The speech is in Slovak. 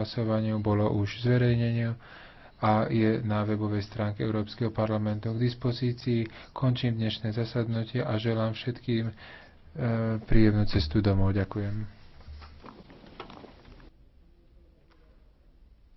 hlasovaniu bolo už zverejnenie a je na webovej stránke Európskeho parlamentu k dispozícii. Končím dnešné zasadnutie a želám všetkým e, príjemnú cestu domov. Ďakujem.